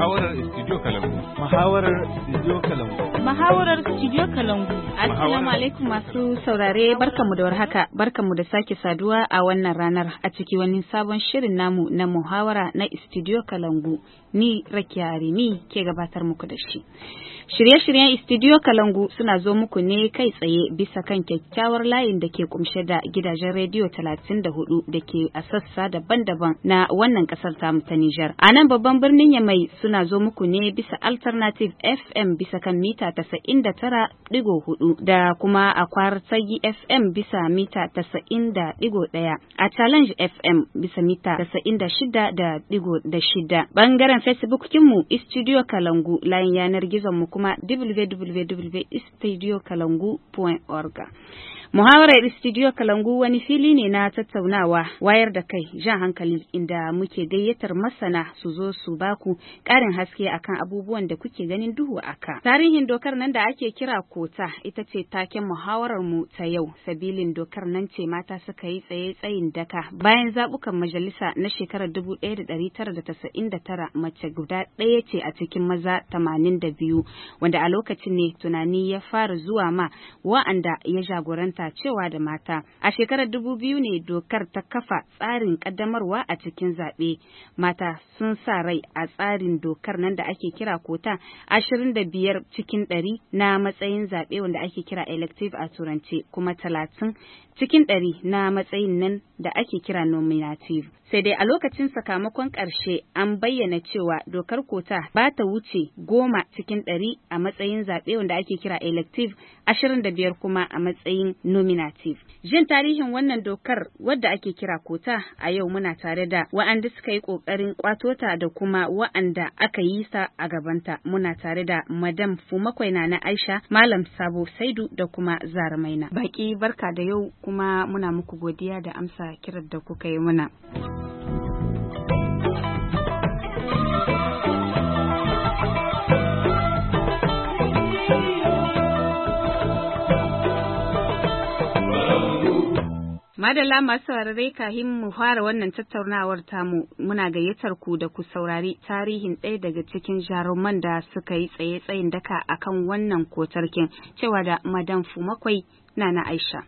Muhawarar Studio Kalambu. Muhawarar Studio Kalambu. Muhawarar Studio Kalambu. Assalamu alaikum masu saurare barkamu da warhaka barkamu da sake saduwa a wannan ranar a ciki wani sabon shirin namu na muhawara na Studio Kalangu ni Rakiya Arimi ke gabatar muku da shi. Shirye-shiryen Studio Kalangu suna zo muku ne kai tsaye bisa kan kyakkyawar layin da ke kumshe da gidajen rediyo 34 da ke a sassa daban-daban na wannan kasar tamu ta Nijar. A nan babban birnin Yamai suna zo muku ne bisa Alternative FM bisa kan mita 99.4 da kuma a Kwartagi FM bisa mita 90.1 a Challenge FM bisa mita 96.6 bangaren Facebook kinmu Studio Kalangu layin yanar gizon mu kuma www.studiokalangu.org Muhawarar Studio Kalangu wani fili ne na tattaunawa wayar da kai jan hankali inda muke gayyatar masana su zo su baku ƙarin haske akan abubuwan da kuke ganin duhu aka. Tarihin dokar nan da ake kira kota ita ce taken muhawarar mu ta yau sabilin dokar nan ce mata suka yi tsaye tsayin daka bayan zabukan majalisa na shekarar tara, mace guda ɗaya ce a cikin maza tamanin da biyu, wanda a lokacin ne tunani ya fara zuwa ma wa'anda ya jagoranta sacewa da mata. A shekarar dubu biyu ne dokar ta kafa tsarin kaddamarwa a cikin zaɓe. Mata sun sa rai a tsarin dokar nan da ake kira kota ashirin da biyar cikin ɗari na matsayin zaɓe wanda ake kira elective a turance kuma talatin cikin ɗari na matsayin nan da ake kira nominative. sai dai a lokacin sakamakon ƙarshe an bayyana cewa dokar kota ba ta wuce goma cikin ɗari a matsayin zaɓe wanda ake kira elective ashirin da biyar kuma a matsayin nominative. Jin tarihin wannan dokar wadda ake kira kota a yau muna tare da wa'anda suka yi ƙoƙarin ƙwatota da kuma wa'anda aka yi sa a gabanta muna tare da madam Fumakwaina na Aisha, Malam Sabo Saidu da kuma Zara Maina. Baki barka da yau kuma muna muku godiya da amsa kirar da kuka yi muna. Madalla masu saurare kahin mu fara wannan tattaunawar tamu muna gayyatar ku da ku saurari tarihin ɗaya daga cikin jaruman da suka yi tsaye tsayin daka akan wannan kotarkin cewa da madan fumakwai na na Aisha.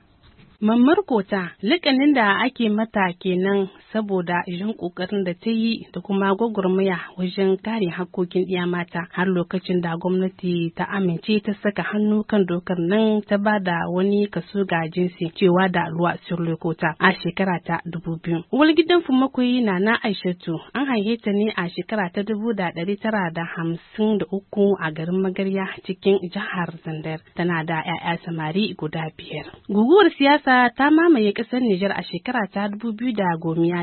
Mammar Kota likanin da ake mata kenan saboda jin kokarin da ta yi da kuma gwagwarmaya wajen kare hakkokin iya mata har lokacin da gwamnati ta amince ta saka hannu kan dokar nan ta ba da wani kaso ga jinsi cewa da ruwa sur Kota a shekara ta dubu biyu. Walgidan Fumakoyi na na Aishatu an haife ta ne a shekara ta dubu da ɗari tara da hamsin da uku a garin Magarya cikin jihar Zandar. Tana da 'ya'ya samari guda biyar. Guguwar siyasa Faransa ta mamaye ƙasar Nijar a shekara ta dubu biyu da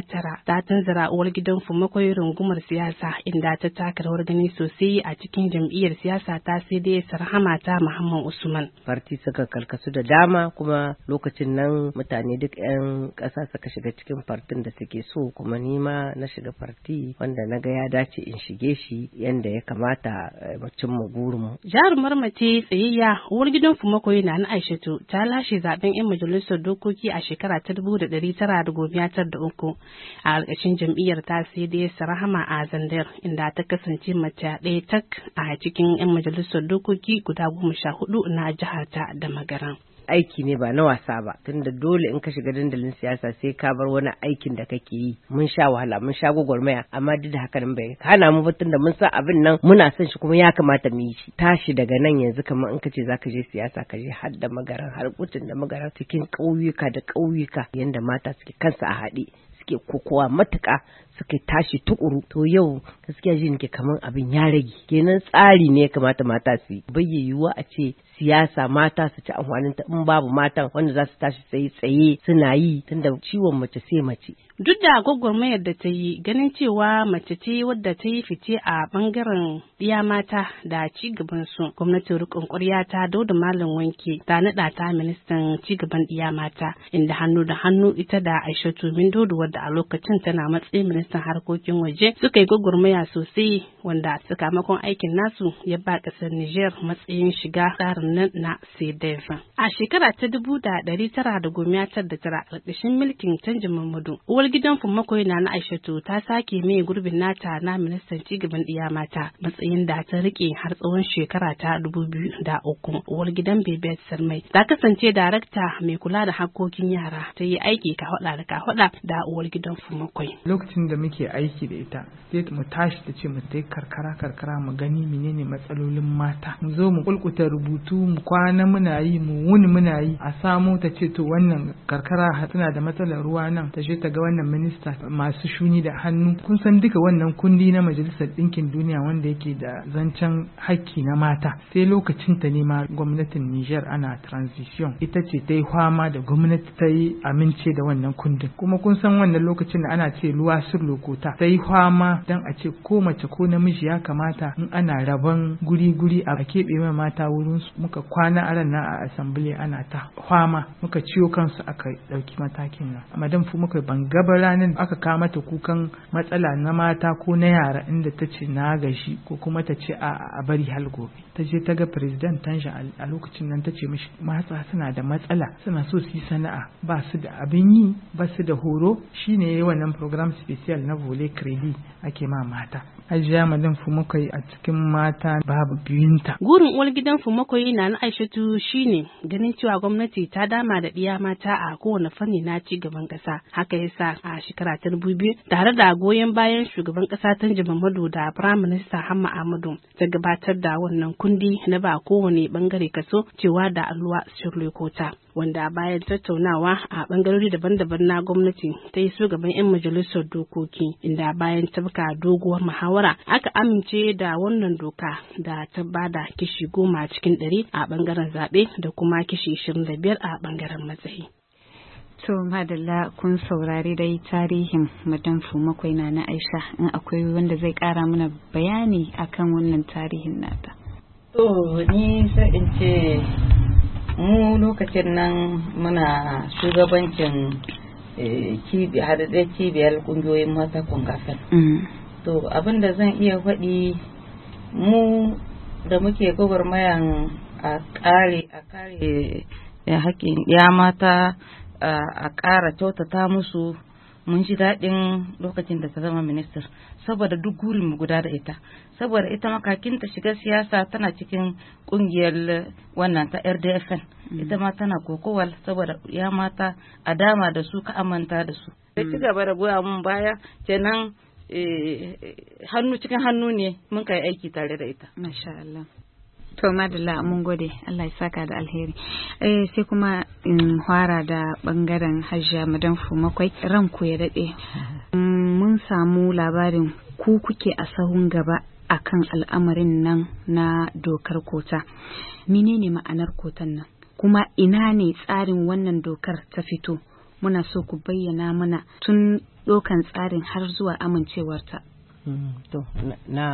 tara. ta tanzara uwar gidan Fumakoyi rungumar siyasa inda ta taka rawar gani sosai a cikin jam'iyyar siyasa ta sai sarhama ta Muhammad Usman. Farti suka karkasu da dama kuma lokacin nan mutane duk 'yan ƙasa suka shiga cikin fartin da suke so kuma ni ma na shiga farti wanda na ga ya dace in shige shi yanda ya kamata mutum eh, mu gurin. Jihar mace tsayayya uwar gidan Fumakoyi na na Aishatu ta lashe zaben 'yan majalisar dokoki a shekara ta dubu da ɗari tara da gobiya tar da uku a alƙashin jam'iyyar ta CDS Rahama a Zandar inda ta kasance mace ɗaya tak a cikin 'yan majalisar dokoki guda goma sha hudu na jihar ta da magaran. aiki ne ba na wasa ba tunda dole in ka shiga dandalin siyasa sai ka bar wani aikin da kake yi mun sha wahala mun sha gwagwarmaya amma duk da haka nan bai hana mu ba tunda mun san abin nan muna son shi kuma ya kamata mu yi shi tashi daga nan yanzu kamar in ka ce ka je siyasa ka je har da magaran har kutun da magaran cikin ƙauyuka da ƙauyuka yanda mata suke kansa a haɗe suke kokowa matuƙa suke tashi tukuru to yau gaskiya ji nake kamar abin ya rage kenan tsari ne ya kamata mata su yi bai a ce siyasa mata su ci ta, in babu matan wanda za su tashi tsaye tsaye suna yi tunda ciwon mace sai mace. Duk da gwagwarmayar da ta yi ganin cewa mace ce wadda ta yi fice a bangaren iya mata da ci gaban su gwamnatin rikon ƙwarya ta Dauda Malam Wanke ta naɗa ta ministan ci gaban iya mata inda hannu da hannu ita da Aishatu Mindodo wadda a lokacin tana matsayin ministan harkokin waje suka yi gwagwarmaya sosai wanda sakamakon aikin nasu ya ba ƙasar Niger matsayin shiga tsarin birnin na A shekara ta dubu da ɗari tara da goma tar da tara ƙarƙashin milkin canjin Mamadu, uwar gidan Fumakoyi na na Aishatu ta sake mai gurbin nata na ministan cigaban ɗiya mata matsayin da ta riƙe har tsawon shekara ta dubu biyu da uku. Uwar gidan Bebe Sarmai ta kasance darakta mai kula da hakkokin yara ta yi aiki ka hoɗa da ka hoɗa da uwar gidan Fumakoyi. Lokacin da muke aiki da ita, sai mu tashi da ce mu tai karkara karkara mu gani menene matsalolin mata. Mu zo mu kulkuta rubutu mu kwana muna yi mu wuni muna yi a samu ta ce to wannan karkara tana da matsalar ruwa nan ta je ta ga wannan minista masu shuni da hannu kun san duka wannan kundi na majalisar ɗinkin duniya wanda yake da zancen hakki na mata sai lokacin ta nema gwamnatin Niger ana transition ita ce ta yi fama da gwamnati ta yi amince da wannan kundin kuma kun san wannan lokacin da ana ce ruwa sur lokota ta yi fama dan a ce ko mace ko namiji ya kamata in ana rabon guri-guri a keɓe mata wurin su muka kwana a ranar a assembly ana ta fama muka ciwo kansu aka ɗauki matakin nan madam fu muka bangaba ranar aka kama mata kukan matsala na mata ko na yara inda ta ce na gashi ko kuma ta ce a bari hal gobe ta je ta ga president tansha a lokacin nan ta ce mishi matsa suna da matsala suna so su yi sana'a ba su da abin yi ba su da horo shine yayi wannan program special na vole credit ake ma mata ajiya madan Fumakwai a cikin mata babu biyunta gurin uwar gidan fumakai na na aishatu shine ganin cewa gwamnati ta dama da ɗiya mata a kowane fanni na ci gaban ƙasa haka ya sa a shekara ta dubu biyu tare da goyon bayan shugaban ƙasa tanji mamadu da firaminista hamma amadu ta gabatar da wannan kundi na ba kowane bangare kaso cewa da alluwa shirlekota wanda bayan tattaunawa a bangarori daban-daban na gwamnati ta yi shugaban 'yan majalisar dokoki inda bayan tabka doguwar muhawara aka amince da wannan doka da ta bada kishi goma cikin ɗari a bangaren zaɓe da kuma kishi ishirin da biyar a bangaren matsayi. To madalla kun saurari dai tarihin madan makwai na na Aisha in akwai wanda zai kara mana bayani akan wannan tarihin nata. to ni sai in ce mu lokacin nan muna shugabancin eh, haɗaɗɗen cibiyar ƙungiyoyin mata kungafin mm. to abin da zan iya faɗi mu da muke gwagwarmayan a ƙare a kare eh, haƙƙin ya mata eh, a ƙara kyautata musu mun ji daɗin lokacin da ta zama minista saboda duk gurin mu guda da ita saboda ita makakin ta shiga siyasa tana cikin kungiyar wannan ta RDFN mm. ita ma tana kokowal saboda ya mata a dama da su ka amanta da su sai mm. ci gaba da goya mun baya kenan eh, eh, hannu cikin hannu ne mun kai aiki tare da ita masha Allah to madalla mun gode Allah ya saka da alheri eh sai kuma in fara da bangaren Hajjia madan makwai ranku ya dade mun samu labarin ku kuke a sahun gaba akan al'amarin nan na dokar kota menene ma'anar kotan nan kuma ina ne tsarin wannan dokar ta fito muna so ku bayyana mana tun dokan tsarin har zuwa amincewarta Mm, to,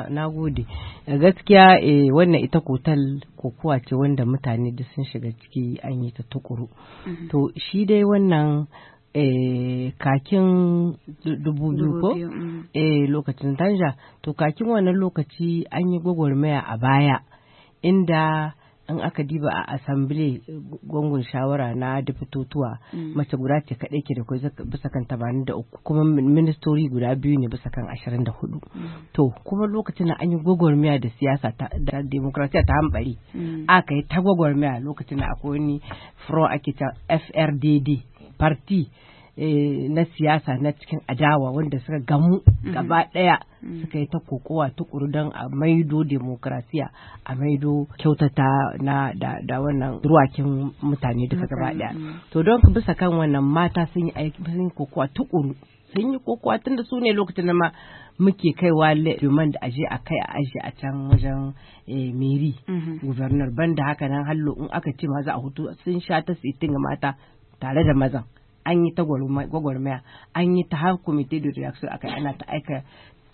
na gode. Eh, gaskiya eh, wannan ita kotal kokuwa ce wanda mutane da sun shiga ciki an yi ta tukuru. Mm-hmm. To, shi dai wannan eh, kakin dubu biyu ko? Mm-hmm. lokacin tanja. To, kakin wannan lokaci an yi gwagwarmaya a baya inda in aka diba a asambile gungun shawara na dafitotuwa mm. mace guda ce kaɗai ke da kai bisa kan tabanin da uku kuma ministori guda biyu ne bisa kan ashirin da hudu mm. to kuma lokacin da an yi gwagwarmaya da siyasa da demokrasiya ta hambari mm. aka yi ta gwagwarmaya lokacin da akwai wani fro ake ta frdd parti Eh, na siyasa na cikin adawa wanda suka gamu mm-hmm. gaba ɗaya mm-hmm. suka yi ta kokowa tukuru don a maido demokrasiya a maido kyautata na da, wannan ruwakin mutane duka gaba ɗaya mm-hmm. to don bisa kan wannan mata sun yi aiki sun yi kokowa tukuru sun yi kokowa da su ne lokacin da ma muke kaiwa liman da aje a kai a aje a can wajen eh, meri gubernar banda haka nan hallo in aka ce maza a hutu sun sha ta sitin mata tare da mazan an yi ta gwagwarmaya an yi ta har committee de reaction akai ana ta aika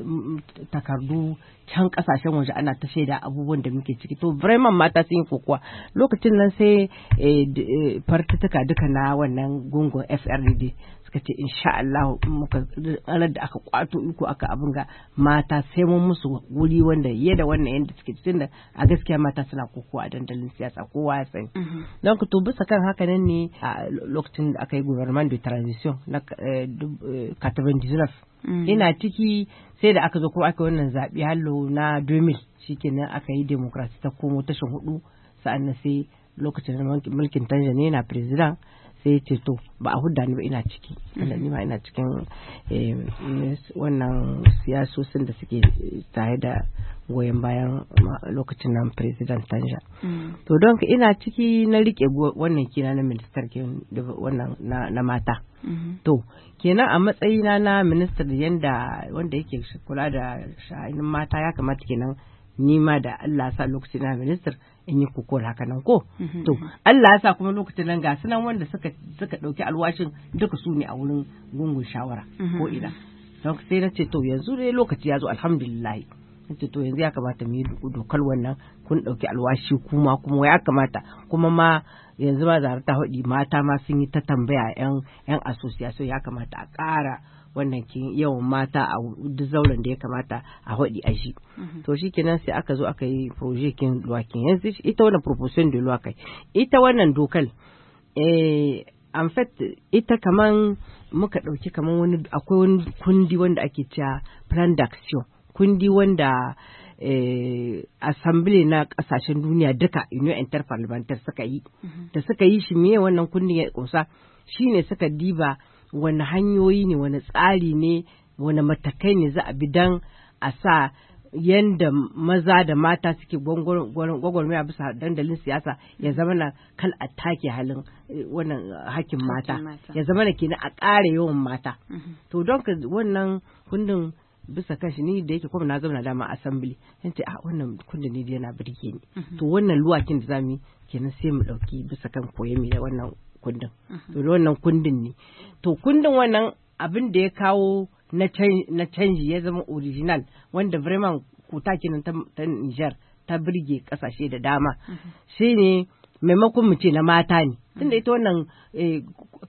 mm, takardu can kasashen waje ana ta shaida abubuwan da muke ciki to bremen mata sun yi kokowa lokacin nan sai eh, eh, fartutuka duka na wannan gungun frdd suka ce sha Allah muka ranar da aka kwato iko aka abin ga mata sai mun musu wuri wanda ya da wannan yadda suke da a gaskiya mata suna koko a dandalin siyasa kowa ya sani mm-hmm. don ku bisa kan haka nan ne a lokacin da aka yi gouvernement de transition na 99 eh, eh, mm. ina ciki sai da aka zo kuma aka wannan zaɓi. hallo na 2000 shikenan aka yi demokrasi ta komo tashin hudu sa'an sai lokacin mulkin tanzania na president sai ce to ba a hudda ni ba ina ciki mm. ni ma ina cikin eh, wannan siyasosin da suke tare da goyon bayan lokacin nan president Tanja mm. to don ka ina ciki na rike wannan kina na ministar wannan na mata mm-hmm. to kenan a matsayina na ministar yanda wanda yake kula da sha'anin mata ya kamata kenan ni da Allah sa lokacin na ministar in yi kokol haka nan ko mhm, to mhm. Allah ya sa kuma lokacin nan ga sunan wanda suka suka dauki alwashin duka su ne a wurin gungun shawara mhm, ko ina don sai na ce to yanzu dai lokaci ya zo alhamdulillah ce to yanzu ya kamata mu yi dokar wannan kun dauki alwashi kuma kuma ya kamata kuma ma yanzu ma zarata ta hudi mata ma sun yi ta tambaya yan yan association ya kamata a ƙara wannan kin yawan mata a duk zauren da ya kamata a haɗi a shi mhm. to shi kenan sai aka zo aka yi proje kin luwakin yanzu ita wannan proposition da luwakai ita wannan dokal eh en fait ita kaman muka ɗauki kaman wani akwai wani kundi wanda ake cewa plan d'action kundi wanda eh, assembly na kasashen duniya duka union interparliamentary suka yi mhm. da suka yi shi me wannan kundin ya kusa shine suka diba wani hanyoyi ne wani tsari ne wani matakai ne za a bi don a sa yadda maza da mata suke gwagwarmaya bisa dandalin siyasa ya zama na kan a take halin eh, wannan hakkin mata ya zama na kenan a ƙara yawan mata mhm. to don ka wannan kundin bisa kashi ni da yake kuma na zama na dama asambili yan ce a ah, wannan kundin ne yana birge ni mhm. to wannan luwakin da zamu yi kenan sai mu dauki bisa kan koye mai wannan kundin to wannan kundin ne to kundin wannan abin da ya kawo na canji ya zama original wanda vraiment kuta kenan ta Niger ta birge kasashe da dama shi ne maimakon mu ce na mata ne tunda ita wannan eh,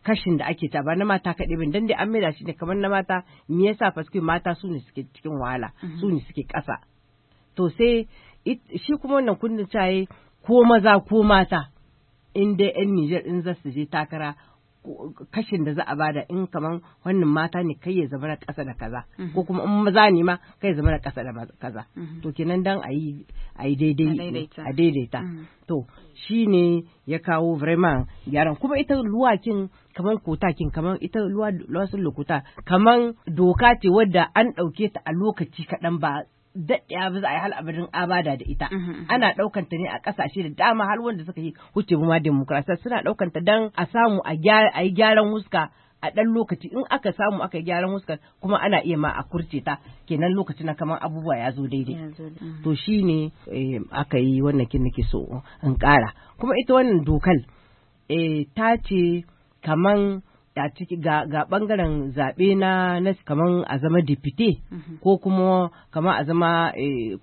kashin da ake ta ba na mata kaɗai bin dan an maida shi ne kamar na mata me yasa faske mata su ne suke cikin wahala su ne suke ƙasa to sai shi kuma wannan kundin caye ko maza ko mata in dai 'yan Nijar in za su je takara kashin da za a bada in kaman wannan mata ne kai ya zama na ƙasa da kaza ko mhm. kuma in maza ne ma kai ya zama na ƙasa da kaza mhm. to kenan dan a yi daidai a daidaita mhm. to shi ne ya kawo vraiment yaran kuma ita luwakin kaman kotakin kaman ita luwa lokuta kaman doka ce wadda an ɗauke ta a lokaci kaɗan ba Daɗe ba a yi hal abada da ita. Mm-hmm, mm-hmm. Ana ɗaukanta ne a ƙasashe da dama har wanda suka yi huce ma demokrasiya suna ɗaukanta don a samu a yi gyaran wuska a ɗan lokaci in aka samu aka yi gyaran wuska kuma ana iya ma a kurce ta kenan lokacin na kamar abubuwa ya zo daidai. To shi ne eh, aka yi wannan kin nake so in ƙara. Kuma ita wannan dokal eh, ta ce kaman a ciki ga, bangaren zaɓe na, kamar a zama dipite mhm. ko kuma kamar a zama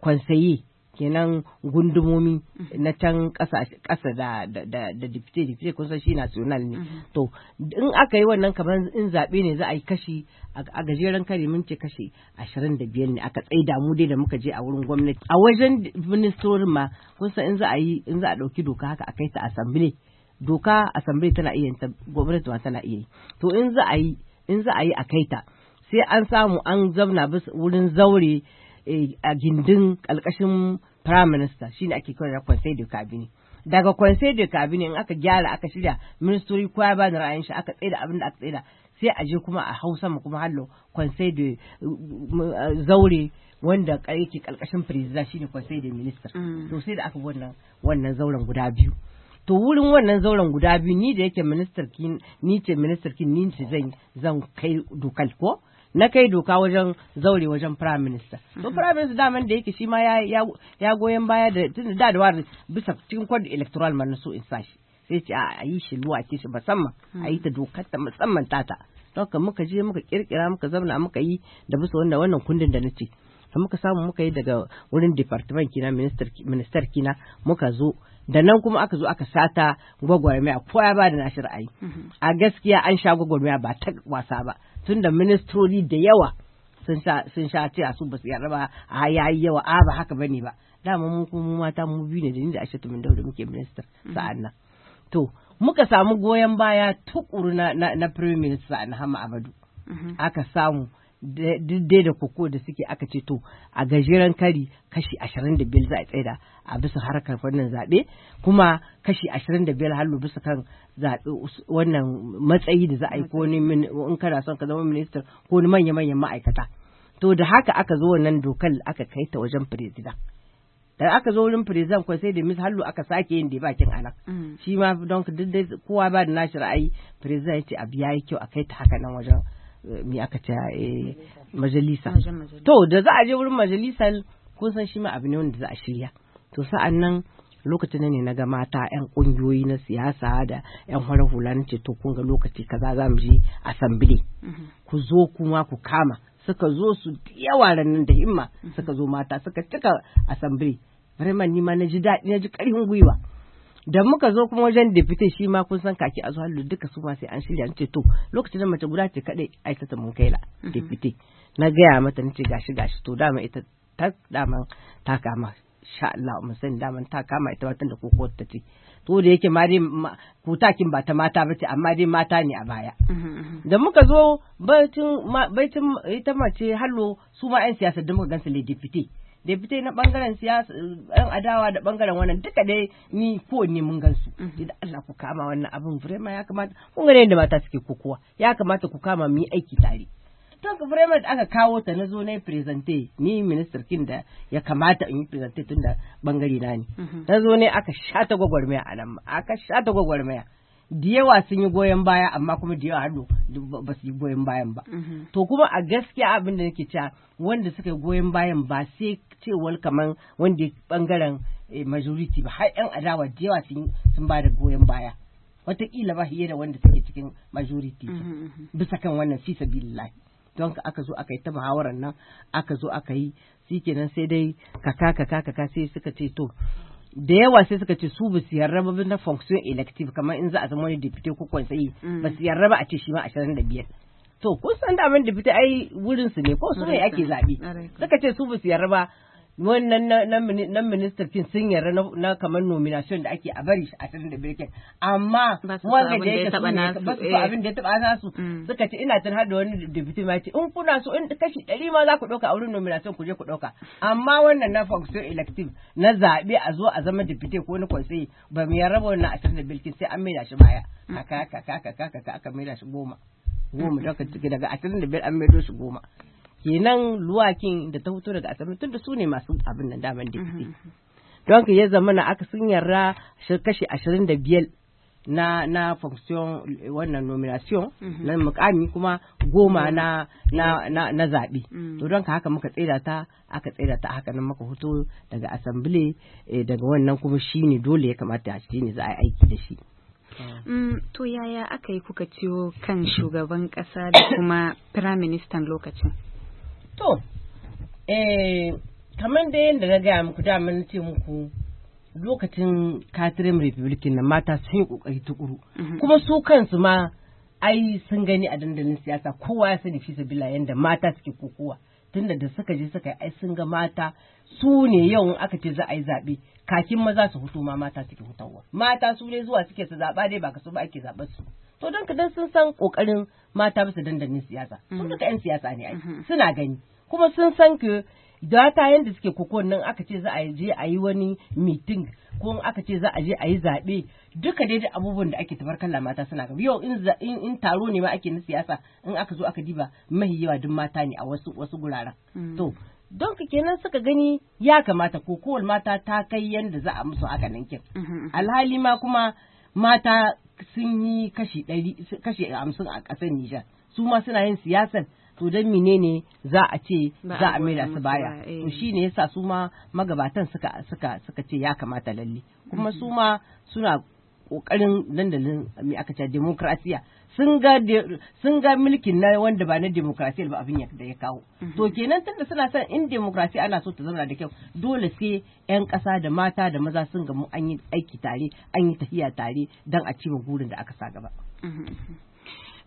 kwansayi eh, kenan gundumomi mhm. na can ƙasa da, da, dipite dipite kun shi national ne mhm. to in aka yi wannan kamar in zaɓe ne za a yi kashi a gajeren kare minti kashi ashirin da biyar ne aka tsaida mu dai da muka je a wurin gwamnati a wajen ministorin ma kun san in za a yi in za a ɗauki doka haka a kai ta asambile doka asambili tana iya gwamnati tana iya yi to in za a yi in za a yi a kaita sai an samu an zauna wurin zaure eh, a gindin ƙarƙashin prime minister shine ake kira da conseil de cabine daga conseil de cabine in aka gyara aka shirya ministry kowa ba bani ra'ayin shi aka tsaida abin da aka tsaida sai a je kuma a hausa mu kuma hallo conseil de zaure wanda yake kalkashin president shine conseil de minister mm. to sai da aka wannan wannan zauren guda biyu to wurin wannan zauren guda biyu ni da yake ministarkin ni ce ministarkin kin ni ce zan zan kai dokal ko na kai doka wajen zaure wajen prime minister to mhm. prime minister daman da yake shi ma ya ya goyen baya da tun da da bisa cikin kwad electoral man so in sashi sai ce a yi shi luwa ce shi musamman a yi ta hmm. dokar ta musamman tata don ka muka je muka kirkira muka zamna muka yi da bisa wannan wannan kundin da na ce muka samu muka yi daga wurin department kina minister kina muka zo da nan kuma aka zo aka sata gwagwarmaya ko ya ba da nashi ra'ayi mhm. a gaskiya an sha gwagwarmaya ba ta wasa ba tunda ministroli da yawa sun sha ce a su ba su yarda ba a yayi yawa a ba haka bane ba dama mun kuma mu mata mu biyu ne da ni da Aisha Tumin Dauda muke minister mhm. sa'an nan to muka samu goyon baya tukuru na na, na prime minister Hama Abadu mhm. aka samu duk dai da koko da suke aka ce to a gajeren kari kashi ashirin biyar za a tsaida a bisa harkar wannan zaɓe kuma kashi ashirin da biyar hallo bisa kan zaɓe wannan matsayi da za a yi ko ni in kana son ka zama minista ko ni manya-manyan ma'aikata to da haka aka zo wannan dokar aka kai ta wajen president. da aka zo wurin president kwa sai da mis hallo aka sake yin da bakin anan mm. shi ma don duk kowa ba da nashi ra'ayi firezan ya ce abu ya yi kyau a kai ta haka nan wajen mi aka ce eh, majalisa to da za a je wurin majalisa kun san shi ma abu ne wanda za a shirya to sa'an nan lokacin ne na ga mata yan kungiyoyi na siyasa da yan horar hula na ce to kun ga lokaci kaza za mu je assembly mhm. ku zo kuma ku kama suka zo su yawa ranar da himma mhm. suka zo mata suka cika assembly vraiment ni ma na ji daɗi na ji ƙarfin gwiwa da muka zo kuma wajen deputy shi ma kun san kaki a zuwa duka su ma sai an shirya ce to lokacin da mace guda ce kadai aisata mun kai la mhm. deputy na gaya mata nace gashi gashi to dama ita ta dama ta kama sha Allah mun san dama ta kama ita watan da koko ta ce to da yake ma dai kutakin ba ta mata bace amma dai mata ne a baya mhm, mhm. da muka zo baitin baitin ita mace hallo su ma 'yan siyasa da muka gansa le deputy depute na bangaren siyasa yan adawa da bangaren wannan duka dai ni ko ni mun gansu mhm. idan Allah ku kama wannan abin vraiment ya kamata kun ga yadda mata suke kokowa ya kamata ku kama mu yi aiki tare Tun ka da aka kawo ta na zo na yi presente ni minister kin da ya kamata in yi presente tun da bangare na ne mhm. na zo ne aka shata gwagwarmaya a nan aka shata gwagwarmaya da yawa sun yi goyon baya amma kuma da yawa ba su yi goyon bayan ba mhm. to kuma a gaskiya abin da nake cewa wanda suka yi goyon bayan ba sai cewar kamar wanda bangaren eh, majority ba har yan adawa da yawa sun ba da goyon baya wataƙila ba fiye da wanda suke cikin majority mhm, mhm. bisa kan wannan fi sabilillahi don aka zo aka yi ta muhawarar nan aka zo aka yi shikenan sai dai kaka kaka kaka sai suka ce to da yawa sai suka ce su ba su yarda ba na fonction elective kamar in za a zama wani deputy ko kwansayi mm. ba su yarda a ce shi ma ashirin da biyar to kun san da abin deputy ai wurin su ne ko su ne ake zabe suka ce su ba su yarda wannan na minista kin sun yarda na kamar nomination da ake a bari a cikin da birkin amma wanda da ya taba nasu ba su abin da ya taba nasu suka ce ina tun hada da wani deputy ma ce in kuna so in kashi ɗari ma za ku ɗauka a wurin nomination ku je ku ɗauka amma wannan na function elective na zaɓe a zo a zama deputy ko wani conseil ba mu yarda wannan a cikin da birkin sai an maida shi baya kaka kaka kaka kaka aka maida shi goma goma daga cikin daga da biyar an maido shi goma kenan luwakin da ta fito daga asabar tun da su ne masu abin nan daman mhm, dikiti mhm. don ka ya zama na aka sun yarra kashi ashirin da biyar na na fonction wannan nomination mhm. na mukami kuma goma na na na, na zaɓe mm. to don ka haka muka tsira ta aka tsira ta haka nan muka hoto daga assembly eh, daga wannan kuma shine dole ya kamata shi ne za a aiki da shi mm, to yaya aka yi kuka ciwo kan shugaban ƙasa da kuma firaministan lokacin To, eh, kamar da yadda na gaya muku damar na ce muku lokacin katirin republican na mata sun yi kokari tukuru mhm. kuma su kansu ma ai sun gani a dandalin siyasa kowa ya sani fi sabila yadda mata suke kokowa tunda da suka je suka yi ai sun ga mata su ne yau aka ce za a yi zaɓe kakin maza su hutu ma mata suke hutawa mata su ne zuwa suke su zaɓa dai ba ka so ba ake zaɓar su to don ka dan sun san kokarin mata bisa dandalin siyasa sun mm. duka yan siyasa ne ai mm-hmm. suna gani kuma sun san ke ta yanda suke kokon nan aka ce za a je a yi wani meeting ko aka ce za a je a yi zaɓe duka dai abubuwan da ake tabarkalla mata suna gani. yau in taro ne ma ake na siyasa in aka zo aka diba mahi yawa duk mata ne a wasu wasu guraren mm. to don ka kenan suka gani ya kamata ko kowal mata ta kai yadda za a musu hakanan nan mm-hmm, mm-hmm. alhali ma kuma mata sun yi kashi ɗari kashi hamsin a ƙasar Nijar su ma suna yin siyasar to don menene za a ce za a maida su baya eh. to shi shine yasa su ma magabatan suka ce ya kamata lalle kuma su mm-hmm. ma suna kokarin dandalin me aka ce demokrasiya sun ga mulkin na wanda ba na demokrasi ba abin da ya kawo mhm. to kenan tunda suna son in demokrasi ana so ta zauna da kyau dole sai yan ƙasa da mata da maza sun gamu an yi aiki tare an yi tafiya tare don a cibin burin da aka sa gaba mhm, mhm.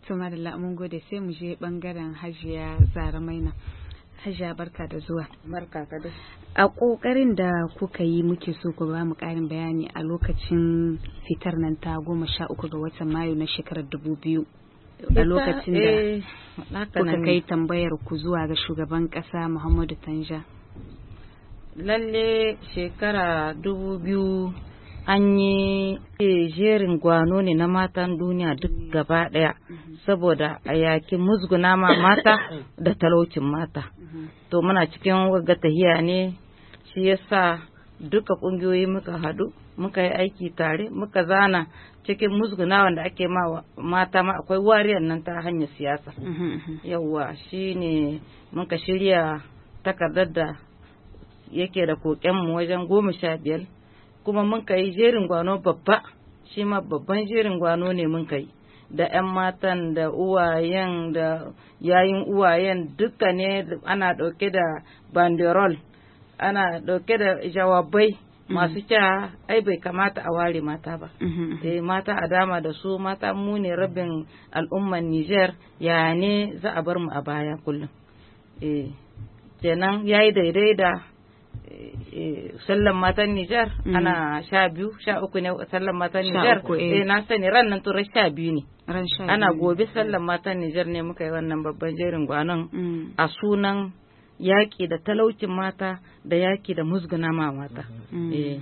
to madalla mun gode sai mu je bangaren hajiya zara maina Hajiya barka da zuwa. Barka ka da. A ƙoƙarin da kuka yi muke so ku ba mu ƙarin bayani a lokacin fitar nan ta goma sha uku ga watan Mayu na shekarar dubu biyu. A lokacin da eh, kuka kai tambayar ku zuwa ga shugaban ƙasa Muhammadu Tanja. Lalle shekara dubu biyu an yi jerin gwano ne na matan duniya duk gaba daya saboda a yakin musguna ma mata da talaucin mata to muna cikin wagga tahiya ne shi yasa duka kungiyoyi muka hadu muka yi aiki tare muka zana cikin musguna wanda ake ma mata ma akwai wariyar nan ta hanyar siyasa yawwa ne muka shirya takardar da yake da koken mu wajen goma sha biyar kuma mun kai jerin gwano babba shi ma babban jerin gwano ne mun kai da 'yan matan da uwayen da yayin uwayen duka ne ana ɗauke da banderol ana ɗauke da jawabai mm-hmm. masu kya ai bai kamata a ware mata ba mm-hmm. eh mata a dama da su mata mu ne rabin al'umman Niger ya ne za a bar mu a baya kullum eh, kenan kenan yayi daidai da Eh, eh, sallan matan Nijar mm. ana sha biyu sha uku ne sallan matan Nijar eh. eh na sani ran nan turai sha biyu ne ana gobe sallan matan Nijar ne muka yi wannan babban jerin gwanon mm. a sunan yaƙi da talaucin mata da yaƙi da musguna ma mata. Mm.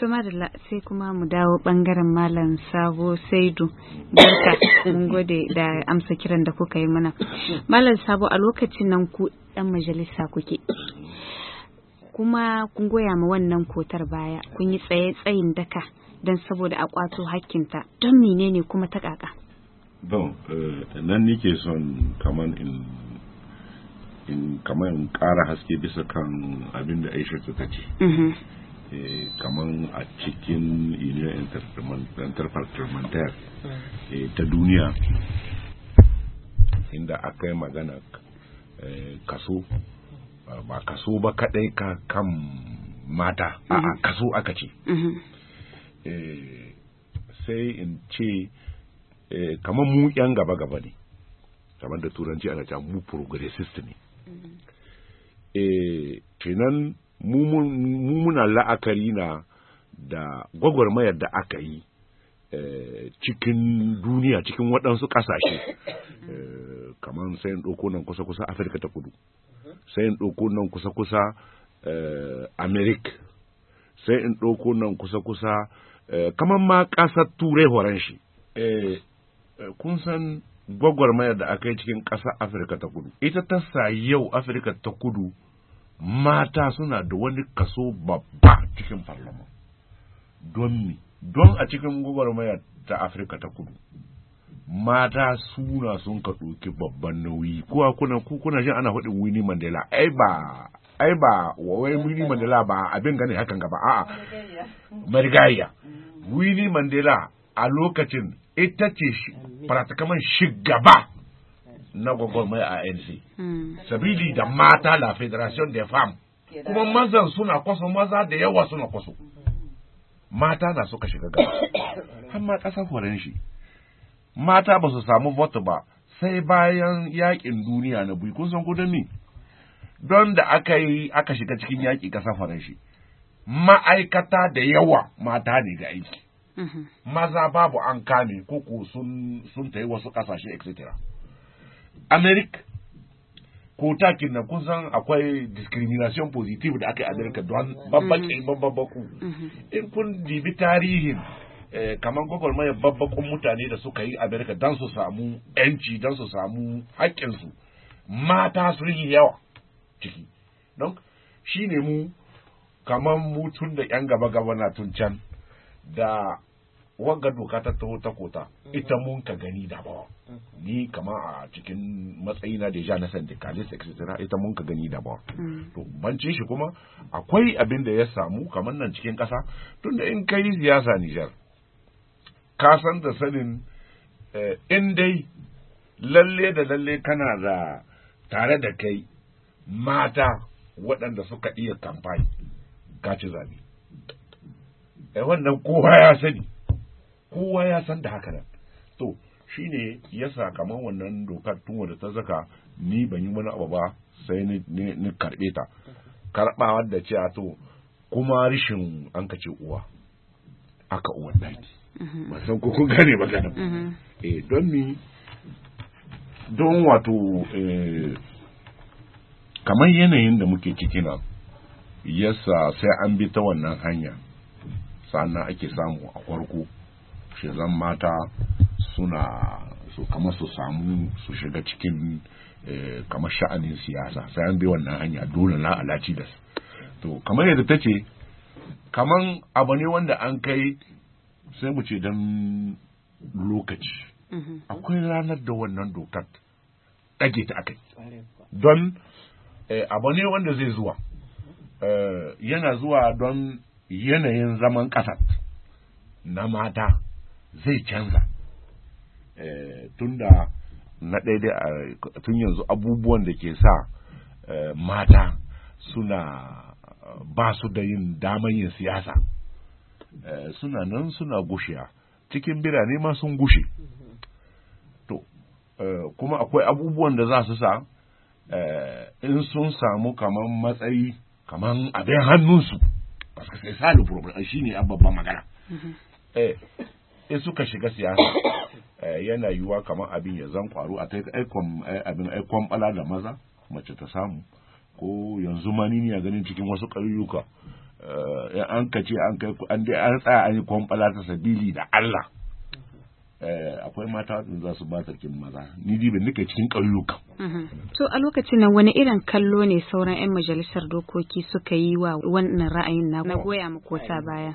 to madalla sai kuma mu dawo bangaren malam sabo saidu barka mun gode da amsa kiran da kuka yi mana malam sabo a lokacin nan ku dan majalisa kuke kuma kun goya ma wannan kotar baya kun yi tsaye tsayin daka don saboda a kwato hakkinta don menene kuma ta kaka don eh, nan nike son kaman in in kaman in kara haske bisa kan abin da aisha ta ce mm-hmm. Eh, kamar a cikin union interparliamentar eh, ta duniya inda aka yi magana eh, kaso ba kaso ba kadai ka kan mata a mm-hmm. kaso aka ce mm-hmm. sai in ce kamar mu yan gaba-gaba ne kamar da turanci ana cewa mu progressist ne mm-hmm. kenan mu la'akari na da gwagwarmayar da aka yi eh, cikin duniya cikin waɗansu ƙasashe eh, kamar sai in ɗauko nan kusa-kusa afirka ta kudu sai in ɗauko nan kusa-kusa eh, amerik sai in ɗauko nan kusa-kusa kamar ma ƙasar turai horon shi kun san gwagwarmayar da aka yi cikin ƙasar afirka ta kudu ita ta sa yau afirka ta kudu mata suna da wani kaso babba cikin farlama don mi don a cikin gwagwarmaya ta afirka ta kudu mata suna sun ka ɗauki babban nauyi kowa kuna kuna jin ana faɗin Winnie Mandela ai ba ai ba wai Winnie Mandela ba abin gane hakan gaba a'a marigayya Winnie Mandela a lokacin ita ce praticaman shigaba na gwagwarmaya a ANC. Hmm. Sabili da mata la Federation des Femmes kuma mazan suna kwaso maza da yawa suna kwaso. Mata na suka shiga gaba. Amma kasar horon shi. Mata ba su samu vote ba sai bayan yakin duniya na biyu kun san ni. Don da aka yi aka shiga cikin yaƙi kasar horon shi. Ma'aikata da yawa mata ne ga aiki. Mm-hmm. Maza babu an kame ko ko sun yi wasu ƙasashe etc. america ko takin na kun san akwai discrimination positive da aka yi america don babbakin babbaku mm-hmm. in kun dibi tarihin eh, kamar gwagwarmayar babbakun mutane da suka yi america don su samu yanci don su samu haƙƙinsu mata sun yi yawa ciki don shi ne mu kamar mutun da yan gaba gaba na tun can da wagga doka ta taho ta kota mm. ita mun ka gani da ba mm. ni kama a cikin matsayi na deja na syndicalist etc ita mun ka gani da ba mm. to bancin shi kuma akwai abin da ya samu kamar nan cikin kasa tunda in kai siyasa Nijar ka san da sanin eh, in dai lalle da lalle kana da tare da kai mata waɗanda suka iya kamfani Ga ci zabe. Eh, wannan kowa ya sani kowa ya san da haka nan to shine yasa kamar wannan dokar tun wadda ta zaka ni ban yi wani abu ba sai ni karɓe ta karɓawar da ce to kuma rishin an kace uwa aka uwan daki mhm. ba san ko kun gane magana mhm. eh don ni don wato eh, kamar yanayin da muke ciki nan yasa sai an bi ta wannan hanya sannan ake samu a farko zan mata suna su kama su samu su shiga cikin eh, kamar sha'anin siyasa sai an bi wannan hanya dole na alaci da to kamar yadda ta ce kaman abu ne wanda an kai sai mu ce don lokaci mm-hmm. akwai ranar da wannan dokar ɗage ta aka don eh, abu ne wanda zai zuwa eh, yana zuwa don yanayin zaman ƙasa na mata zai canza eh, tunda na daidai tun yanzu abubuwan da ke sa eh, mata suna ba su da yin daman yin siyasa eh, suna nan suna gushiya cikin birane ma sun gushe to kuma akwai abubuwan da za su sa in sun samu kamar matsayi kamar abin hannunsu sai salu problem shi ne babban magana mm-hmm. in suka shiga siyasa eh, yana yiwuwa kamar abin ya zan kwaro a kai abin aikon bala da maza mace ta samu ko yanzu ma ni ne ganin cikin wasu ƙauyuka eh, an ka ce an kai an dai an tsaya an yi kwamfala ta sabili da Allah eh, akwai mata da za su ba sarkin maza ni dibe nika cikin ƙauyuka. to mm-hmm. a lokacin nan wani irin kallo ne sauran 'yan majalisar dokoki suka yi wa wannan ra'ayin na goya ta baya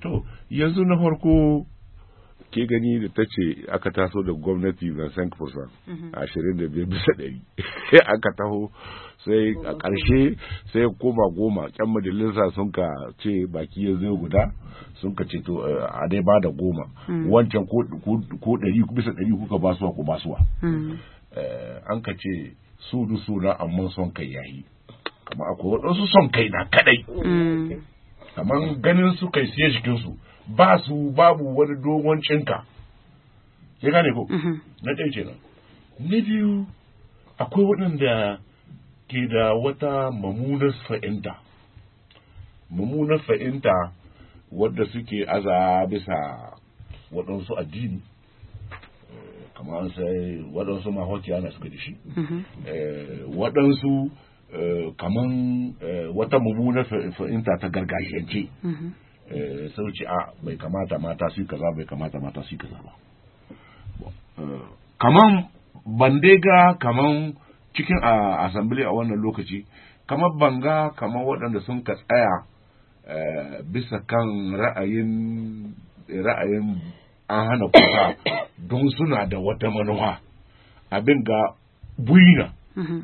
to yanzu na farko ke gani da ta ce aka taso da gwamnati A mhm. ashirin da biyar bisa ɗari aka taho sai a ƙarshe sai koma goma ƙyan majalisa sun ka ce baki ya zai guda sun ka ce to eh, a dai ba da goma mm. wancan ko ɗari bisa ɗari kuka basuwa ko basuwa mm. eh, an ka ce su du su na amma son kai yayi kamar akwai waɗansu son kai na kaɗai mm. kamar ganin su kai siya jikinsu ba su babu wani dogon cinka ya gane ko mhm. na ɗaya kenan na biyu akwai waɗanda ke da wata mamunar fa'inta mamunar fa'inta wadda suke aza bisa waɗansu addini kamar sai waɗansu mahokiya na suka da shi mhm. eh, waɗansu eh, kamar eh, wata mamunar fa'inta ta gargajiyance mhm. Eh, sai wuce a ah, bai kamata mata su kaza bai kamata mata su kaza ba eh, kaman bandega kaman cikin assembly a wannan lokaci kamar banga kamar waɗanda sun ka tsaya eh, bisa kan ra'ayin ra'ayin an hana kusa don suna da wata manuwa abin ga buyina mm-hmm.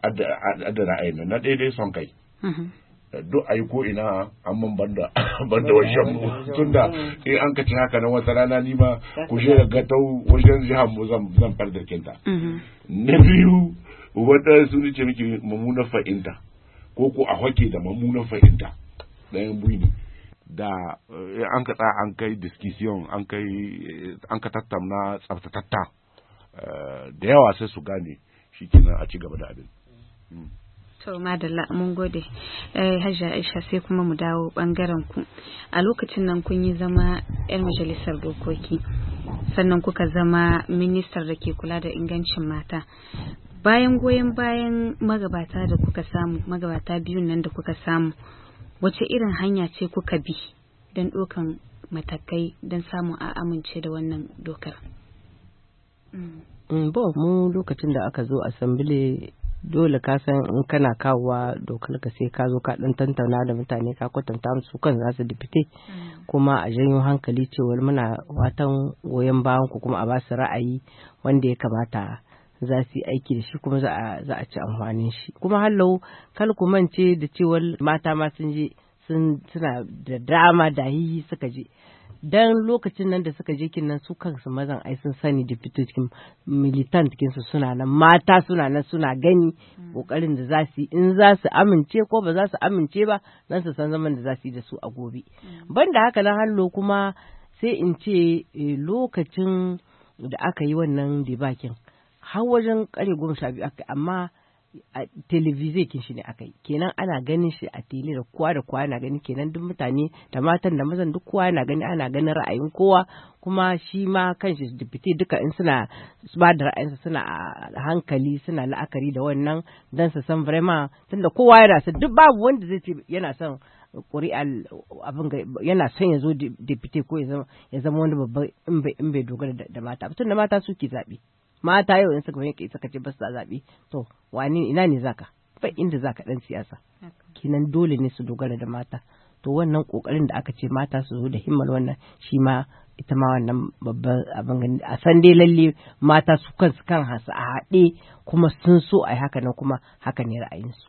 a da ra'ayin na daidai son kai mm-hmm. duk a yi ko ina amman banda banda wajen mu tunda in an ka ci haka nan wata rana ni ma ku shi ga gatau wajen jihar mu zan zan da kinta mm-hmm. na biyu wata su ne ce muke mamuna fa'inta ko ko a hake da mamuna fa'inta ɗayan buini da an ka an kai discussion an kai eh, an ka tattauna tsaftatatta eh, da yawa sai su gane shi kenan a ci gaba da abin. Mm. To madalla mun gode eh, hajja Aisha sai kuma mu dawo bangaren ku a lokacin nan kun yi zama yar majalisar dokoki sannan kuka zama ministar da ke kula da ingancin mata bayan goyon bayan magabata da kuka samu magabata biyu nan da kuka samu wace irin hanya ce kuka bi don ɗaukan matakai don samu a amince da wannan dokar. Mm. Mm, bo mu lokacin da aka zo asambile dole ka san in kana kawowa dokar ka sai ka zo ka dan tantauna da mutane ka kwatanta musu kan za su dipite mm. kuma a janyo hankali cewar muna watan goyon bayan ku kuma a ba su ra'ayi wanda ya kamata za su yi aiki da shi kuma za a ci amfanin shi kuma hallau ku mance da cewar mata ma sun je suna da dama da suka je dan lokacin nan da suka je kinnan su kansu mazan ai sun sani deputy militant kinsu suna nan mata suna nan suna gani mm. kokarin da za su yi in za su amince ko ba za su amince ba nan su san zaman da za su yi da su a gobe mm. banda haka nan hallo kuma sai in ce eh, lokacin da aka yi wannan debakin har wajen kare goma sha biyu amma a televize kin shi ne akai kenan ana ganin shi a tele da kowa da kowa na gani kenan duk mutane da matan da mazan duk kowa na gani ana ganin ra'ayin kowa kuma shi ma kanshi dipiti duka in suna ba da ra'ayinsa suna a hankali suna la'akari da wannan dan su san vraiment tunda kowa yana son duk babu wanda zai ce yana son ƙuri'al abin yana son ya zo dipiti ko ya zama wani babba in bai dogara da mata tunda mata suke zaɓe. mata yau in suka fahimta suka ce ba su zaɓe to wani ina ne zaka ba inda zaka dan siyasa kinan dole ne su dogara da mata to wannan kokarin da aka ce mata su zo da himmar wannan shi ma ita ma wannan babban abin a san dai lalle mata su kansu kan hasu a haɗe kuma sun so a yi haka nan kuma haka ne ra'ayinsu.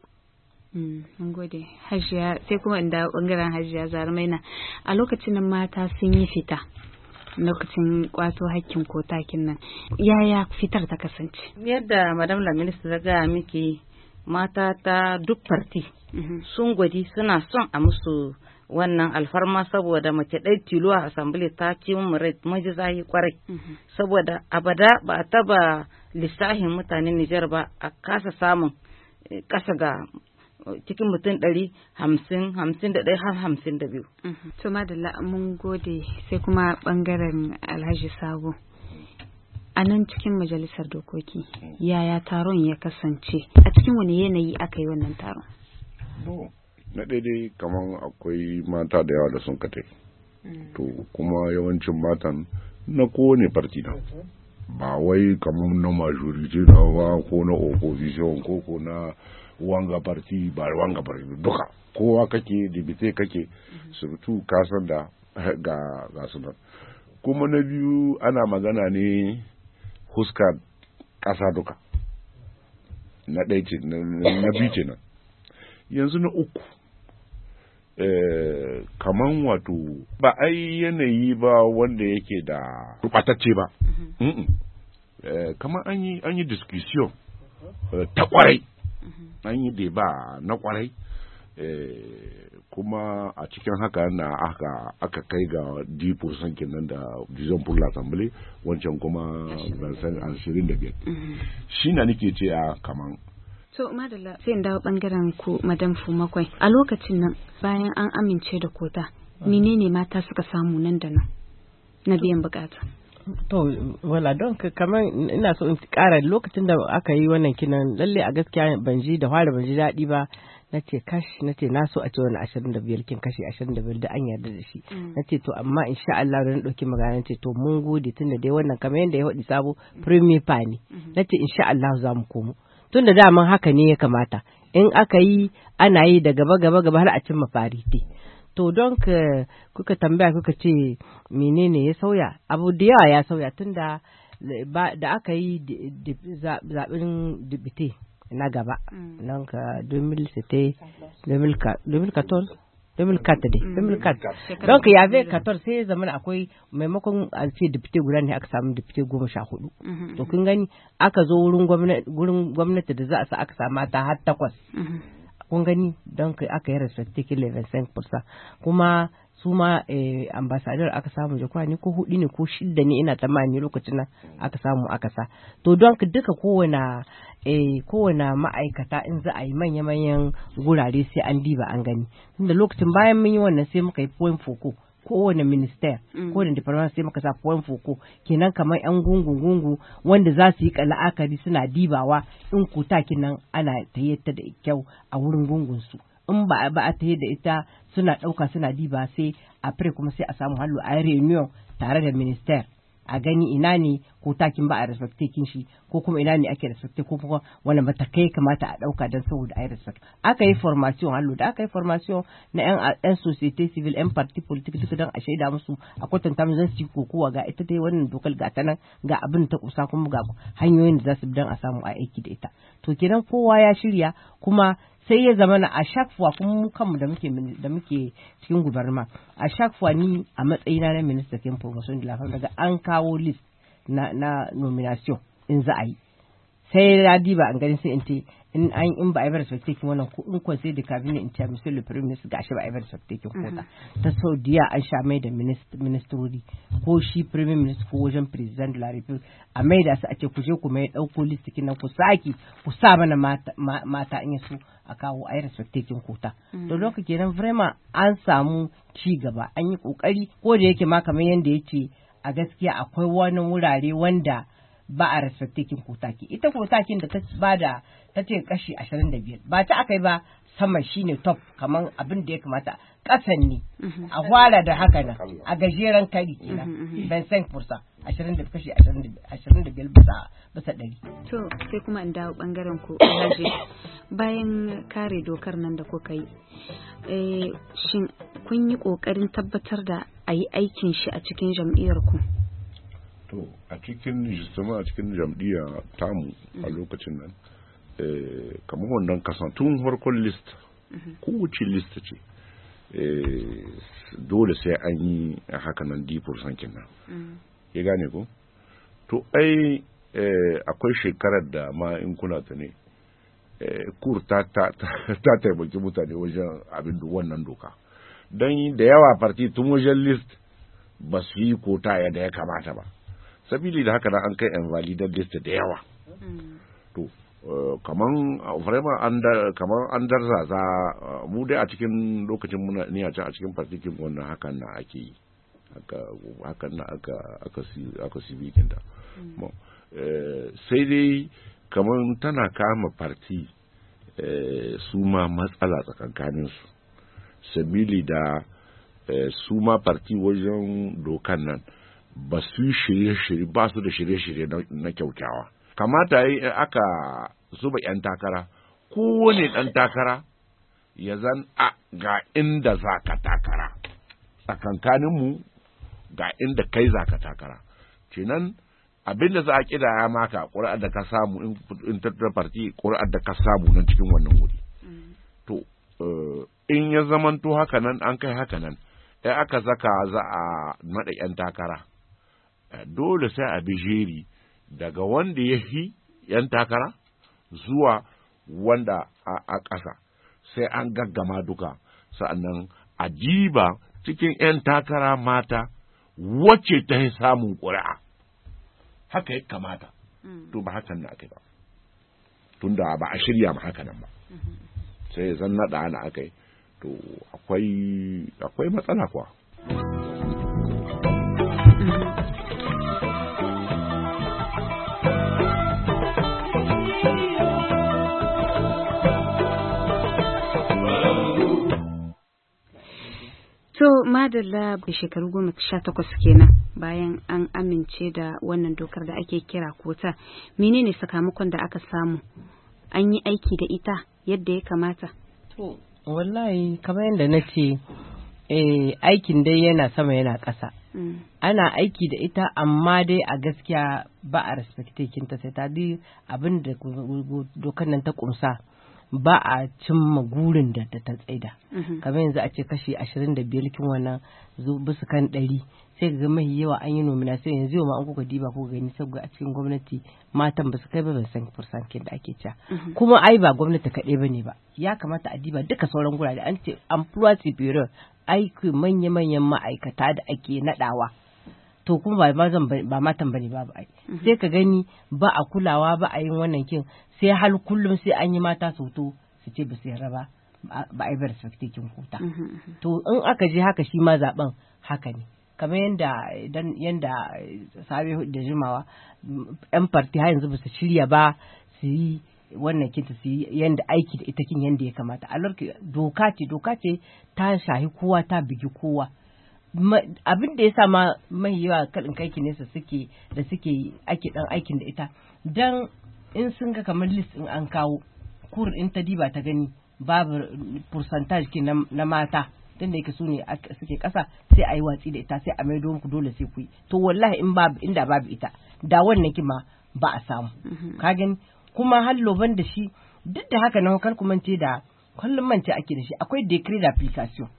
Mm, mun gode. Hajiya sai kuma inda bangaren Hajiya Zarumaina a lokacin nan mata sun yi fita. lokacin kwato hakkin ko takin nan yaya fitar ta kasance yadda madam la minista ta gaya miki mata ta duk farti mhm. sun gwadi suna son a musu wannan alfarma saboda mace ɗai tilo a asambili ta ci majizahi kwarai mhm. saboda abada ba a taba lissahin mutanen Nijar ba a kasa samun eh, ƙasa ga cikin mutum ɗari hamsin hamsin da ɗaya har hamsin da biyu. Mhm. To madalla mun gode sai kuma ɓangaren Alhaji Sabo. A nan cikin majalisar dokoki yaya taron ya kasance a cikin wani yanayi aka yi wannan taron? Na daidai kamar akwai mata da yawa da sun kate. Mm. To kuma yawancin matan na kowane farti na. Ba wai kamar na majoriti na ba ko na opposition ko ko na wanga parti ba wanga parti duka kowa kake dibite kake mhm. surtu ka san da ga ga sunan kuma na biyu ana magana ne huska ƙasa duka na ɗaya na biyu ce nan yanzu na uku eh, kaman wato ba ai yanayi ba wanda yake da rubatacce ba mhm. eh, kaman an yi discussion eh, ta kwarai. Mm-hmm. an yi deba na kwarai eh, kuma a cikin haka na aka aka kai ga dipo sankin nan da dizon full assembly wancan kuma zansan ashirin da biyar shi na nake ce a kaman so madalla sai in dawo bangaren ku madam fumakwai a lokacin nan bayan an amince da kota menene mata suka samu nan da nan na biyan bukata To, wala don kamar ina so in kara lokacin da aka yi wannan kinan lalle a gaskiya ban ji da fara ban ji daɗi ba na ce kashi na ce na so a ce wani ashirin da biyar kin kashi ashirin da biyar da an yarda da shi mm. na ce to amma in sha Allah na ɗauki magana ce to mun gode tun da dai wannan kamar yadda ya faɗi sabo mm. premier fa ne mm-hmm. na ce in sha Allah za mu komo tun da daman haka ne ya kamata in aka yi ana yi da gaba gaba gaba har a cimma fariti. to don ka kuka tambaya kuka ce menene ya sauya abu da yawa ya sauya tunda da aka yi zaɓin dubite na gaba mm. don ka 2014 mm. don ka yabe 14 sai zama akwai maimakon alfi dipte guda ne aka samu dipte goma sha hudu mm-hmm. to kun gani aka zo wurin gwamnati da za a sa aka sa ta har takwas mm-hmm. kun gani don kai aka yi restricted 25% kuma su ma eh, ambasadar aka samu jakuwa ne ko hudu ne ko shida ne ina tamani lokacin nan aka samu aka sa to don ka duka kowane eh, kowane ma'aikata in za a yi manya-manyan gurare sai an diba an gani tunda lokacin bayan mun yi wannan sai muka yi point foko kowane minister mm. kowane department sai maka sa kwan foko kenan kamar yan gungu gungu wanda za su yi la'akari suna dibawa in ku kinan nan ana tayyata da kyau a wurin gungun su in ba a tayyata da ita suna ɗauka suna diba sai a fure kuma sai a samu hallo a reunion tare da minister a gani ina ne ko takin ba a respecte kin shi ko kuma ina ne ake respecte ko kuma wani matakai kamata a dauka don saboda ai respect aka yi formation hallo da aka yi formation na yan yan society civil yan party politics duka don a shaida musu a kwatanta mu zan su kokowa ga ita dai wannan dokar ga ta nan ga abin ta kusa kuma ga hanyoyin da za su bi don a samu a aiki da ita to kenan kowa ya shirya kuma sai ya zama na a shakfuwa kuma mu kanmu da muke cikin gubarma a shakfuwa ni a matsayina na minista kemfo masu daga an kawo list na na nomination in za a yi sai na diba an gani sai in ce in an in ba a yi take wannan ko in kon da cabinet in ce misali prime minister gashi ba a yi take ko mhm. ta ta saudiya an sha mai da ministrori ko shi prime minister ko wajen president la republic a mai da su a ce ku je ku mai dauko listikin nan ku saki ku sa mana mata in su a kawo a yi respectation kota don mhm. lokaci kenan vraiment an samu ci gaba an yi kokari ko da yake ma kamar yanda yace a gaskiya akwai wani wurare wanda ba a rasattakin kotaki ita kotakin da ta ba da ta ce kashi 25 ba ta akai ba sama ne top kamar abin da ya kamata ƙasan ne mhm. a hwara da haka nan a gajeren kari na mhm, mhm, ban san fursa 25 kashi 25 bisa bisa ɗari. to sai kuma in dawo bangaren ku Alhaji bayan kare dokar nan da kuka yi eh, shin kun yi ƙoƙarin tabbatar da a yi aikin shi a cikin jam'iyyar ku to a cikin jistama a cikin jam'iyya tamu a mm-hmm. lokacin nan eh, kamar wannan kasan tun farkon list mm-hmm. kowace list ce eh, dole sai an yi haka nan dipur sankin nan ya gane ko to ai eh, akwai shekarar da ma in kuna ta ne kur ta taimaki mutane wajen abin da wannan doka don da yawa farti tun wajen list ba su yi kota yadda ya kamata ba sabili da haka na an kai invalidan list da yawa to eh, kaman eh, vraiment an kaman an za eh, mu dai a cikin lokacin muna ni a can a cikin partikin wannan hakan na ake yi Haka hakan na aka aka aka sibikin da mm. sai dai kaman tana kama parti su ma matsala tsakankanin su sabili da su ma parti wajen dokan nan ba su shirye-shirye ba su da shirye-shirye na kyaukyawa kamata yi aka zuba 'yan takara kowane ɗan takara ya zan a ga inda za ka takara tsakankaninmu ga inda kai za ka takara kenan abin da za a ya maka ƙuri'ar da ka samu in tattar ƙuri'ar da ka samu nan cikin wannan wuri to eh, in ya zamanto haka an kai hakanan, nan aka zaka za a maɗa 'yan takara dole sai a bi jeri daga wanda ya fi ‘yan takara zuwa wanda a ƙasa sai an gaggama duka sa'annan a jiba cikin ‘yan takara mata wacce ta yi samun ƙuri'a haka ya kamata mm. to ba hakan na aka ba ba tunda ba a shirya ma haka nan ba mm-hmm. sai zan naɗa ana akai to akwai matsala kuwa. madalla shekaru goma sha takwas kenan bayan an amince da wannan dokar da ake kira kota menene sakamakon da aka samu an yi aiki da ita yadda ya kamata to wallahi kamar yadda na ce eh, aikin dai yana sama yana ƙasa mm. ana aiki da ita amma dai a gaskiya ba a respecte kinta sai ta abin da dokar nan ta kumsa ba a cimma gurin da ta tsaida mhm. kamar yanzu a ce kashi ashirin da biyar kin wannan bisa kan ɗari sai ga mahi yawa an yi nomina sai yanzu yau ma an kuka diba ko gani saboda a cikin gwamnati matan basu kai ba ban san fursankin da ake cewa mhm. kuma ai ba gwamnati kaɗai ba ne ba ya kamata a diba duka sauran gurare an ce employee superior aiki manya-manyan ma'aikata da ake naɗawa to kuma ba zan ba matan bane ba ba ai mhm. sai ka gani ba a kulawa ba a yin wannan kin sai hal kullum sai an yi mata soto su ce ba su yarda ba ba ai bar kin kuta. Mhm, mhm. to in aka je haka shi ma zaben haka ne kamar yanda dan yanda sabe da jimawa yan farti har yanzu ba su shirya ba su yi wannan kin su yi yanda aiki da ita kin yanda ya kamata a doka ce doka ce ta shahi kowa ta bigi kowa abin da ya sa ma mai yawa kaɗin kai kinesa suke da suke ake ɗan aikin da ita don in sun ga kamar list in an kawo kur in ta diba ta gani babu percentage ke na mata tun da yake su ne suke ƙasa sai a yi watsi da ita sai a maido muku dole sai ku yi to wallahi in babu inda babu ita da wannan kima ba a samu mm-hmm. ka gani kuma halloban da shi duk da haka na kalkumance da kullum mance ake da shi akwai decree da application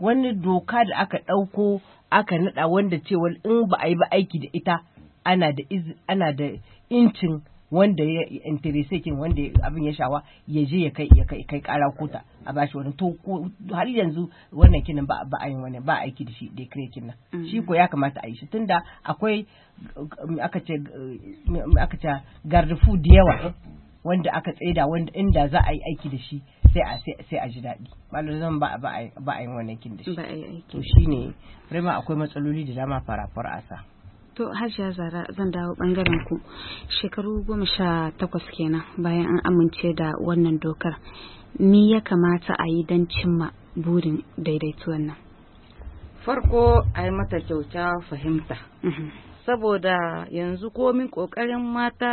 wani doka da aka ɗauko aka naɗa wanda cewa in ba a yi ba aiki da ita ana da ana da incin wanda ya interese kin wanda abin ya shawa ya je ya kai ya kai kara kota a bashi wani to har yanzu wannan kinin ba ba ayin wani ba aiki da shi decree kin nan mm. shi ko ya kamata a yi shi tunda akwai um, aka ce um, aka ce gardufu da yawa eh? wanda aka tsaida wanda inda za a yi aiki da shi sai a a ji daɗi zan ba a yin wannan kin da shi to shine rima akwai matsaloli da dama farafar asa to hajiya zara zan dawo bangaren ku shekaru goma sha takwas kenan bayan an amince da wannan dokar ni ya kamata a yi dan cimma burin daidaito nan farko a yi mata kyauta fahimta mhm. saboda yanzu komin kokarin mata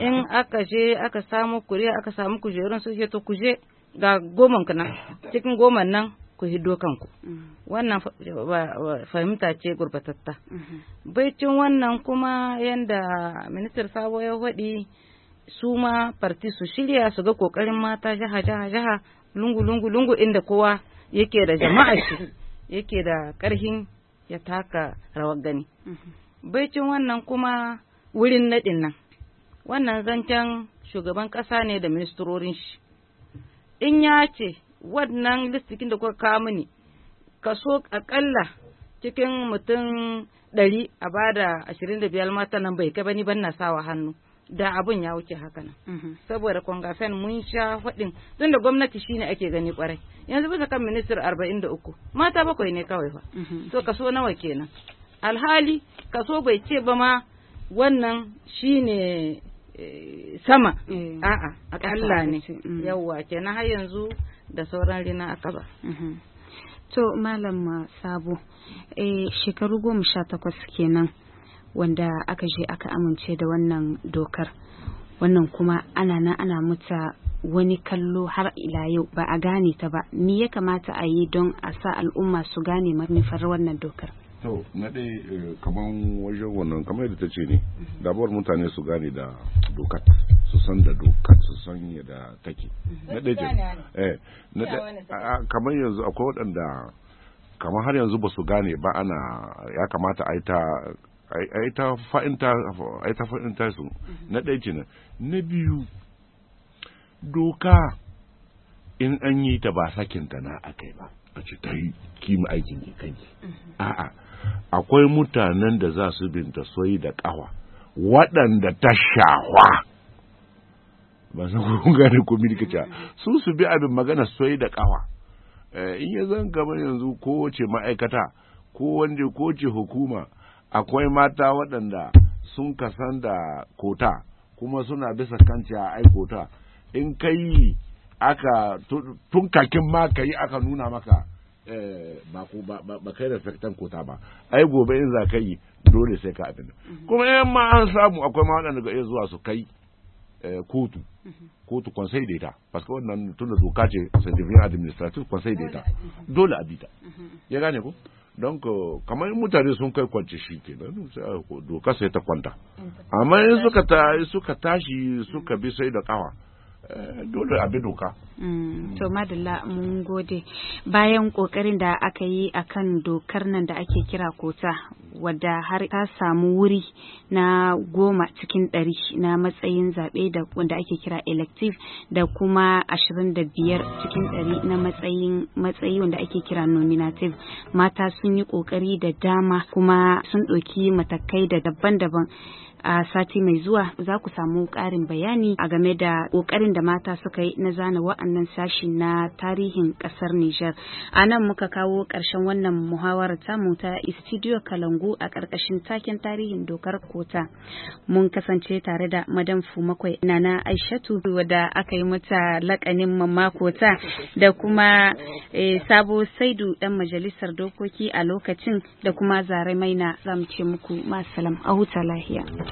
in aka je aka samu kuri aka samu kujerun su to kuje ga goman kana cikin goman nan ku hiddo kanku mm. wannan fahimta ce gurbatatta mm-hmm. baicin wannan kuma yadda ministar sabo ya faɗi su ma farti su shirya su ga kokarin mata jaha jaha jaha lungu lungu lungu inda kowa yake da jama'a shi yake da karhin ya taka rawar gani mm-hmm. baicin wannan kuma wurin naɗin nan wannan zancen shugaban ƙasa ne da ministrorin shi in ya ce wannan listikin da kuka kawo mini kaso akalla cikin mutum ɗari a ba da ashirin da biyar mata nan bai kai bani ban na sawa hannu da abun ya wuce haka nan mm-hmm. saboda kwangafen mun sha faɗin tun da gwamnati shine ake gani kwarai yanzu bisa kan ministar arba'in da uku mata bakwai ne kawai fa mm-hmm. to kaso nawa kenan alhali kaso bai ce ba ma wannan shine Eh, sama eh, a'a Allah ne mm. yawwa kenan har yanzu da sauran rina a kaba mm-hmm. to malam sabo eh, shekaru goma sha takwas kenan wanda aka je aka amince da wannan dokar wannan kuma ana nan ana muta wani kallo har ila yau ba a gane ta ba ni ya kamata a yi don a sa al'umma su gane manufar wannan dokar to na dai eh, kamar wajen wannan kamar yadda ta ce ne mhm. dabar mutane su gane da dokar su san da dokar su san yadda take mhm. na dai eh na kamar yanzu akwai waɗanda kamar har yanzu ba su gane ba ana ya kamata a yi ta a yi ta fa'inta su mhm. na ɗaya kenan na biyu doka in an yi ta ba ta na kai ba a ce ta yi kima aikin ki kanki a'a akwai mutanen da za su binta soyi da ƙawa waɗanda ta shahwa ba su gane ko su su bi abin magana soyi da ƙawa eh, in ya zan gaba yanzu kowace ma'aikata ko wanda kowace hukuma akwai mata waɗanda sun kasan da kota kuma suna bisa kanci a aikota in kai aka tun kakin ma ka yi aka nuna maka Eh, ba kai da respectan kota ba ai gobe in za ka yi dole sai ka abin mhm. kuma yan ma an samu akwai ma waɗanda ga iya zuwa su kai eh, kotu mhm. kotu konsai data paske wannan tun da doka ce c'est administrative konsai data dole a bita mhm. ya gane ko don euh, kamar mutane sun kai kwance shi ke nan doka sai ta kwanta amma in suka tashi suka bi sai da kawa Eh, dole a bi doka. Mm, to madalla mun gode bayan kokarin da aka yi akan dokar nan da ake kira kota wadda har ta samu wuri na goma cikin ɗari na matsayin zaɓe da wanda ake kira elective da kuma ashirin da biyar cikin ɗari na matsayin matsayi wanda ake kira nominative mata sun yi kokari da dama kuma sun ɗauki matakai da daban-daban a sati mai zuwa za ku samu ƙarin bayani a game da ƙoƙarin da mata suka yi na zana wa'annan sashi na tarihin ƙasar Nijar. A nan muka kawo ƙarshen wannan muhawarar tamu ta istidiyo Kalangu a ƙarƙashin taken tarihin dokar kota. Mun kasance tare da Madam Fumakwai Nana Aishatu wadda aka yi mata lakanin mamma kota da kuma e, Sabo Saidu ɗan majalisar dokoki a lokacin da kuma Zare mai na mu ce muku masalam a huta lahiya.